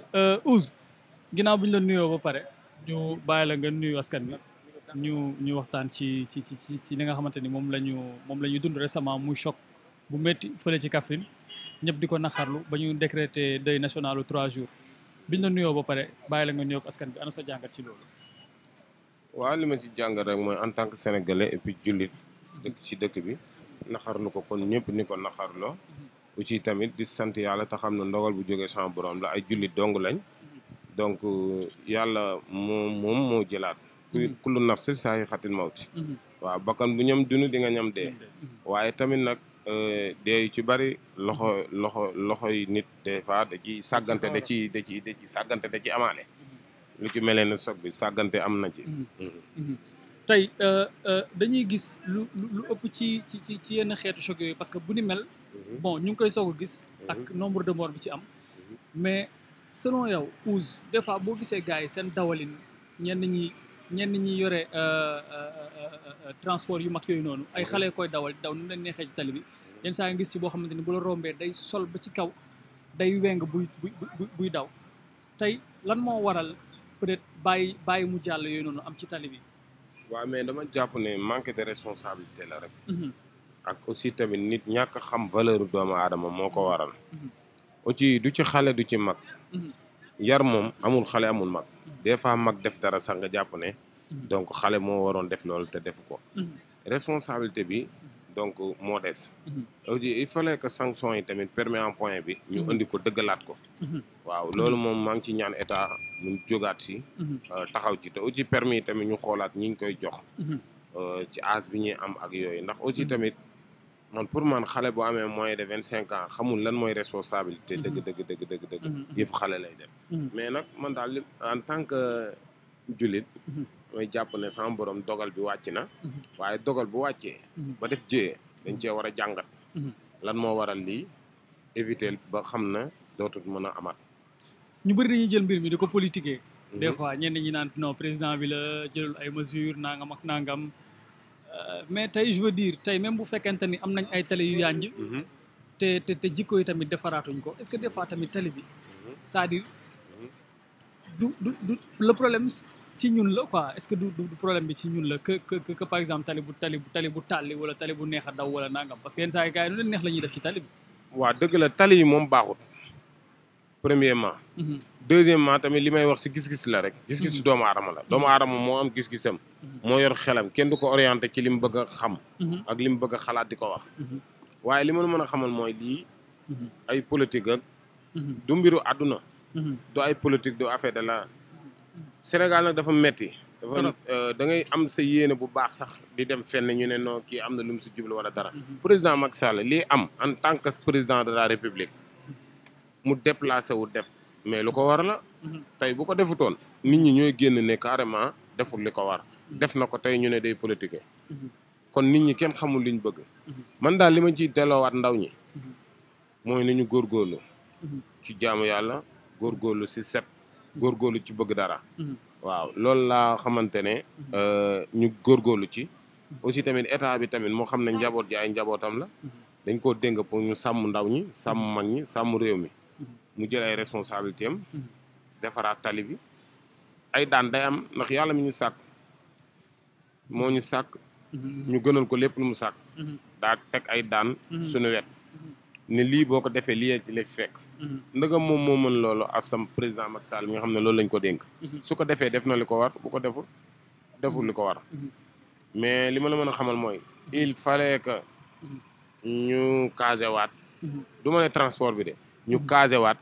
Euh, Ouz ginnaaw bu ñu la nuyoo ba pare ñu bàyyi la nga nuyu askan bi ñu ñu waxtaan ci ci ci ci li nga xamante ni moom lañu ñu moom la ñu dund récemment muy choc bu métti fële ci Kaffrine ñëpp di ko naxarlu ba ñu décrété deuil national trois jours bi ñu la nuyoo ba pare bàyyi la nga nuyoo askan bi ana sa jàngat ci loolu. waa li ma ci jàngat rek mooy en tant que sénégalais et puis jullit dëkk ci dëkk bi naxarlu ko kon ñëpp ni ko naxarloo. aussi tamit di sant yàlla te xam na ndogal bu jóge sama boroom la ay jullit dong lañ donc euh, yàlla moom moo jëlaat mhm. kullu nafsin saa'iqatul mawti mhm. waaw bakkan bu ñam dunu di nga ñam dee mhm. waaye tamit nag euh, dee yu ci bari loxo loxo loxo yi nit des fois da ci sàggante da ci da ci da da ci amaale lu ci mel ne sog bi sàggante am na ci tey euh, euh, dañuy gis lu lu ëpp ci ci ci ci yenn xeetu choc yooyu parce que bu ni mel. Mhm. bon ñu ngi koy soog a gis. Mhm. ak nombre de morts bi ci am. Mhm. mais selon yow Ouz des fois boo gisee gars yi seen dawalin ñenn ñi ñenn ñi yore euh, transport yu mag yooyu noonu ay xale koy dawal daw nu leen neexee ci tali bi yenn saa yi gis ci boo xamante ni bu la rombee day sol ba ci kaw day weng buy buy buy daw tey lan moo waral peut-être bàyyi bàyyi mu jàll yooyu noonu am ci tali bi. waa mais dama jàpp ne manque de responsabilité la rek. Mhm. ak aussi tamit nit ñàkk xam valeur doomu aadama moo ko waral. Mhm. aussi du ci xale du ci mag. Mhm. yar moom amul xale amul mag. des fois mag def dara sax nga jàpp ne. donc xale moo waroon def loolu te defu ko. responsabilité bi donc moo des. aussi mhm. il fallait que sanction yi tamit permis en point bi. ñu indi mhm. ko dëggalaat ko. Mhm. waaw loolu moom maa ngi ci ñaan état mu jógaat si. Euh, taxaw ci te aussi permis yi tamit ñu xoolaat ñi ñu koy jox. Euh, ci âge bi ñuy am ak yooyu ndax aussi tamit man pour man xale bu amee mooy de vingt cinq ans xamul lan mooy responsabilité. dëgg dëgg dëgg dëgg yëf xale lay def. mais nag man daal en tant que. jullit mooy mhm. jàpp ne sama borom dogal bi wàcc na mhm. waaye dogal bu wàccee mhm. ba def jiyee dañ cee war a jàngat lan moo waral lii éviter ba xam na dootul mën a amaat ñu bëri dañuy jël mbir mi di ko politiquer des fois ñenn ñi naan non président bi la jëlul ay mesures nangam ak nangam euh, mais tey je diir tey même bu fekkente ni am nañ ay télé yu te te te jikko yi tamit defaraatuñ ko est-ce que des fois tamit télé bi dire du du problème ci ñun la quoi est-ce que du problème bi ci ñun la que que par exemple tali bu tali bu tali bu tàlli wala tali bu neex a daw wala nangam parce que yenn saa yi gars yi leen neex la def ci tali bi. waaw dëgg la tali yi moom baaxul premièrement. Mm-hmm. deuxièmement tamit li may wax si gis-gis la rek. gis-gis mm-hmm. doomu aadama la doomu mm-hmm. aadama moo am gis-gisam. moo yor xelam kenn du ko orienté ci li mu bëgg a xam. ak li mu bëgg a xalaat di ko wax. waaye li ma mën a xamal mooy lii. ay politique mbiru àdduna. du ay politique du affaire de la Sénégal nag dafa metti dafa euh, da ngay am sa yéene bu baax sax di dem fenn ñu ne non kii am na lu mu si jublu wala dara. Mhm. président Macky Sall lii am en tant que président de la république mu déplacé wu def mais lu ko war la. Mhm. tey bu ko defutoon nit ñi ñooy génn ne carrément deful li ko war. Mhm. def na ko tey ñu ne day politique. kon nit ñi kenn xamul liñ bëgg. man daal li ma ciy delloowaat ndaw ñi. mooy ñu góorgóorlu. ci jaamu yàlla. góor góorgóorlu ci set góor góorgóorlu ci bëgg dara mhm. waaw loolu laa xamante ne mhm. euh, ñu góor góorlu ci mhm. aussi tamit état bi tamit moo xam ne njaboot ji ay njabootam la dañ koo dénk pour ñu sàmm ndaw ñi sàmm mag ñi sàmm réew mi mu jël ay responsabilité am defaraat tali bi ay daan day ndax yàlla mi ñu sàkk moo ñu sàkk ñu gënal ko lépp lu mu sàkk daa teg ay daan suñu wet ne lii boo ko defee lii ci la fekk. Mhm. ndagam moom moom mën loolu asam président Macky Sall mi nga xam ne loolu lañ ko dénk. Mhm. su ko defee def na li ko war bu ko deful deful li ko war. Mhm. mais li ma la mën a xamal mooy. il fallait que ñu casé waat. du ma ne transport bi de ñu casé waat.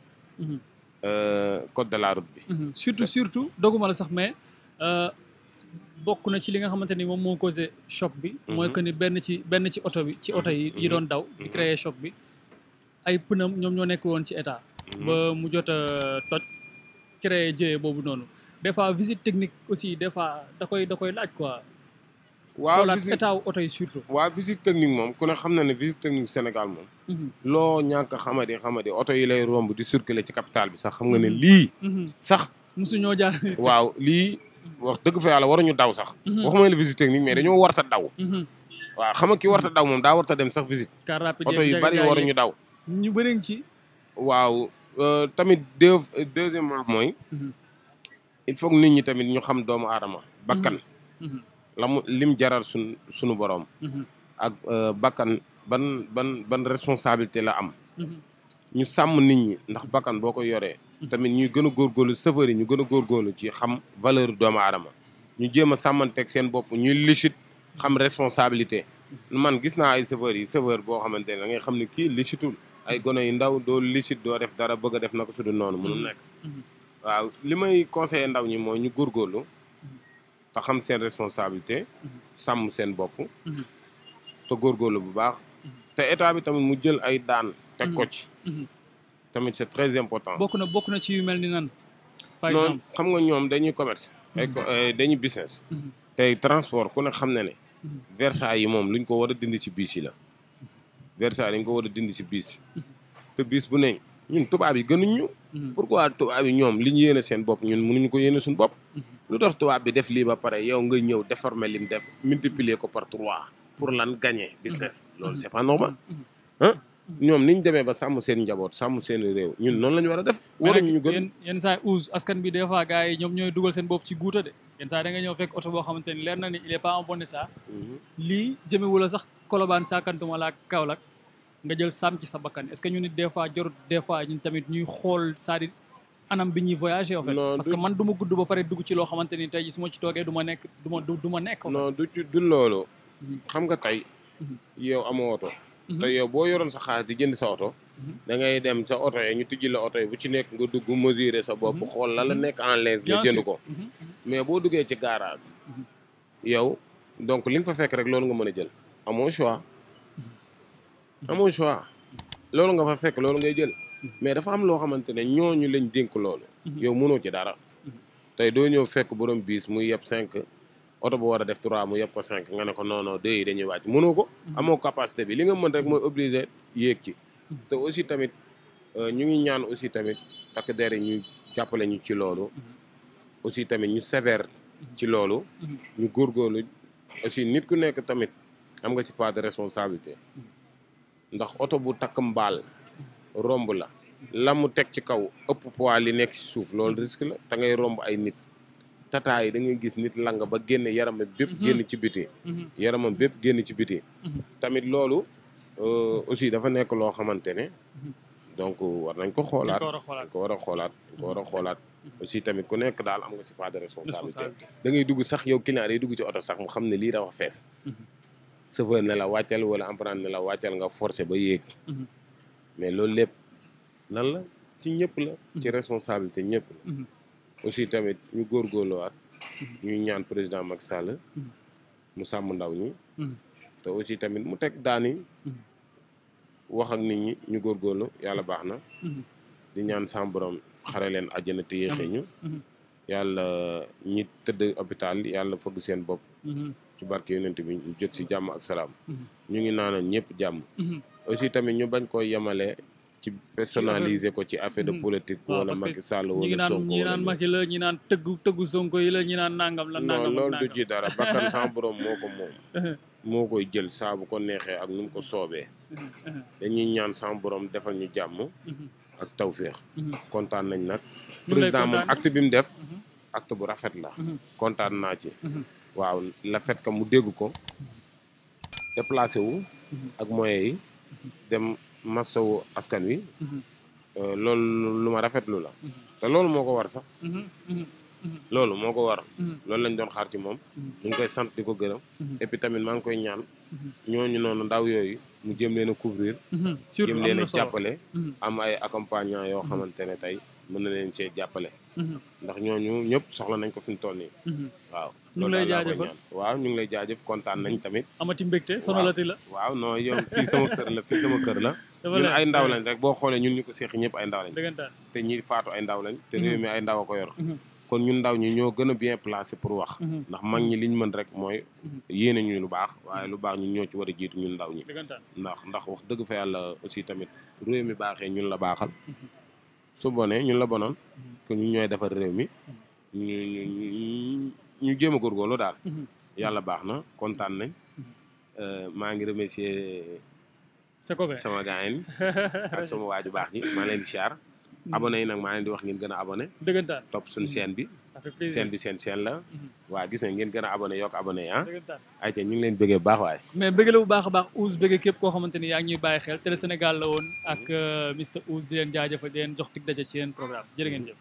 Euh, code de la route bi. surtout surtout doguma la sax mais. Euh, bokk na ci li nga xamante ni moom moo causé choc bi. mooy que ni benn ci benn ci oto bi ci oto yi. yi doon daw. di créer choc bi. ay pënam ñoom ñoo nekk woon ci état. Mhm. ba mu jot a toj créé jëye boobu noonu des fois visite technique aussi des fois da koy da koy laaj quoi. waaw visite état wu oto yi surtout. waa visite technique moom ku ne xam na ne visite technique Sénégal moom. Mhm. loo ñàkk xamadi xamadi oto yi lay romb di circuler ci capital bi sax xam nga ne mhm. lii. sax mosu ñoo jaar. waaw lii wax dëgg fa yàlla waruñu daw sax. waxuma la visit technique mais dañoo warta daw. waaw xam nga ki warta daw moom daa warta dem sax visite. car daw. ñu bëri ci. waaw euh, tamit deux deuxièmement mooy. Mhm. il foog nit ñi tamit ñu xam doomu aadama. bakkan. Mhm. Mhm. la mu lim jaral sun sunu boroom. ak euh, bakkan ban ban ban responsabilité la am. ñu sàmm nit ñi ndax bakkan boo ko yoree. tamit ñuy gën a góorgóorlu chauffeur yi ñu gën a góorgóorlu ci xam valeur doomu aadama. ñu jéem a sàmmanteeg seen bopp ñuy lichit xam responsabilité. man gis naa ay chauffeur yi chauffeur boo xamante ne da ngay xam ne kii lichitul. ay gone yu ndaw doo licite doo def dara bëgg a def na ko sudul noonu mënul mm-hmm. nekk mm-hmm. waaw li may conseillé ndaw ñi mooy ñu góorgóorlu mm-hmm. te xam seen responsabilité sàmm seen bopp te góorgóorlu bu baax te état bi tamit mu jël ay daan teg ko ci tamit c'est très important bokk na bokk na ci yu mel ni nan par xam nga ñoom dañuy commerce ay dañuy business tey transport ku ne xam ne ne versa yi moom luñ ko war a dindi ci biis yi la Versailles dañ ko war a dindi si biis bu ne ñun tubaab yi gënuñ ñu. Mhm. pourquoi tubaab ñoom li ñu yéene seen bopp ñun mënuñu ko yéene suñu bopp. Mhm. lu tax tubaab bi def lii ba pare yow nga ñëw déformer lim def multiplier ko par trois pour lan gagner business mhm. loolu c'est pas normal ah. ñoom ni ñu demee ba sàmm seen njaboot sàmm seen réew ñun noonu la ñu war def. wala ñu gën yenn yenn saa yi askan bi de fois gars yi ñoom ñooy dugal seen bopp ci guuta de yenn saa yi da nga ñëw fekk oto boo xamante ni leer na ni il est pas en bon état. lii jëmewul la sax Colobane sàkkantuma la ak nga jël sàmm ci sa bakkan est-ce que ñu ni des fois jorut des fois ñun ñuy xool cest à anam bi ñuy voyager en fait parce que man du ma gudd ba pare dugg ci loo xamante ni tey ji su ci toogee du ma nekk ma du ma nekk non du du loolu mhm. xam nga tey mhm. yow amoo mhm. boo yoroon sa xaalis di jënd sa da ngay dem sa oto yi ñu tijji la oto bu ci nekk nga dugg mesurer sa bopp xool la la nekk en l'aise nga jënd ko mais boo duggee ci garage yow donc li nga fa fekk rek loolu nga mën a jël amoo choix amoo choix loolu nga fa fekk loolu ngay jël mais dafa am loo xamante ne ñooñu lañ dénk loolu yow mënoo ci dara te doo ñëw fekk borom biis muy yeb cinq oto bu war a def trois mu yeb ko cinq nga ne ko noonoo non deux yi dañuy wàcc mënoo ko amoo capacité bi li nga mën rek mooy obligé yéeg ci te aussi tamit euh, ñu ngi ñaan aussi tamit takk der yi ñu jàppale ñu ci loolu aussi tamit ñu sévère ci loolu ñu góorgóorlu aussi nit ku nekk tamit am nga ci part de responsabilité ndax oto bu takk mbaal romb la la mu teg ci kaw ëpp poids li nekk ci suuf loolu risque la te ngay romb ay nit tataay da ngay gis nit lang ba génne mhm. mhm. yaramam bépp génn ci biti yaramam bépp génn ci biti tamit loolu euh, aussi dafa nekk loo xamante ne mhm. donc war nañ ko xoolaat dañ ko war a xoolaat dañ a xoolaat aussi tamit ku nekk daal am nga si part de responsabilité da ngay dugg sax yow client day dugg ci oto sax mu xam ne lii dafa fees chauffeur ne la wàccal wala emprunté ne la wàccal nga forcé ba yéeg mhm. mais loolu lépp lan la ci ñëpp la ci mhm. responsabilité ñëpp la mhm. aussi tamit ñu góor góorgóorluwaat ñu ñaan président Macky Sall mu sàmm ndaw ñi te aussi tamit mu teg daani wax ak nit ñi ñu góor góorgóorlu yàlla baax na di ñaan sam borom xare leen àjjana te yéexee ñu yàlla ñi tëdd hôpital yàlla fëgg seen bopp ci barke yonent bi ñu jot si jàmm ak salaam. Mhm. ñu ngi naanal ñëpp jàmm. Mhm. aussi tamit ñu bañ koo yemale. ci personnaliser ko ci affaire de mhm. politique. wala Macky Sall wala Sonko ñi naan Macky la ñi naan tëggu tëggu Sonko yi la ñi naan nangam la. nangam loolu du ci dara bakkan sans borom moo ko moom. Uh-huh. moo koy jël saa bu ko neexee ak nu mu ko soobee. Uh-huh. Uh-huh. dañuy ñaan sans borom defal ñu jàmm. ak tawféex. kontaan nañ nag. président moom acte bi mu def. acte bu rafet la. kontaan naa ci. waaw la fait que mu dégg ko déplacé wu ak moye yi dem masawu askan wi euh, loolu lu ma rafetlu la te loolu moo ko war sax loolu moo ko war loolu lañ doon xaar ci moom ñu ngi koy sant di ko gërëm et puis tamit maa ngi koy ñaan ñooñu noonu ndaw yooyu mu jëm leen a couvrir jëm leen a jàppale mm-hmm. am ay accompagnant yoo xamante ne tey mën na leen cee jàppale Mm-hmm. ndax ñooñu ñëpp soxla nañ ko fi mu toll nii. Mm-hmm. waaw ñu ngi lay jaajëfal waaw ñu ngi lay jaajëf kontaan nañ mm-hmm. tamit. amati mbégte sonalati la. waaw non yow fii sama kër la fii sama kër la. ñun ay ndaw lañ rek boo xoolee ñun ñu ko seex ñëpp ay ndaw lañ. te ñi faatu ay ndaw lañ. te réew mi ay ndaw a ko yor. kon ñun ndaw ñi ñoo gën a bien placé pour wax. ndax mag ñi liñ mën rek mooy. yéene ñu lu baax waaye lu baax ñu ñoo ci war a jiitu ñun ndaw ñi. ndax ndax wax dëgg fa yàlla aussi tamit réew mi baaxee ñun la baaxal su bonee ñun la bonoon mm-hmm. que ñun ñooy defar réew mi mm-hmm. ñu ñu jéem a góorgóorlu daal. Mm-hmm. yàlla baax na kontaan nañ. Euh, maa ngi remercier sa copain sama gaayen ak sama waaju baax ji maa leen di siyaar abonné yi nag maa leen di wax ngeen gën a abonné. dëggantaan topp suñu seen bi. seen bi seen chaîne la mhm. waa gis na ngeen gën yokk abonné yi ah. ay te ñu ngi leen bëggee bu baax waay mais bëgg la bu baax a baax Ouz bëgg képp koo xamante yaa ngi ñuy bàyyi xel Télé Sénégal la woon ak mhm. euh, Mister Ouz di leen jaajëfal di leen jox dig daje ci yeneen programme jërë ngeen jëf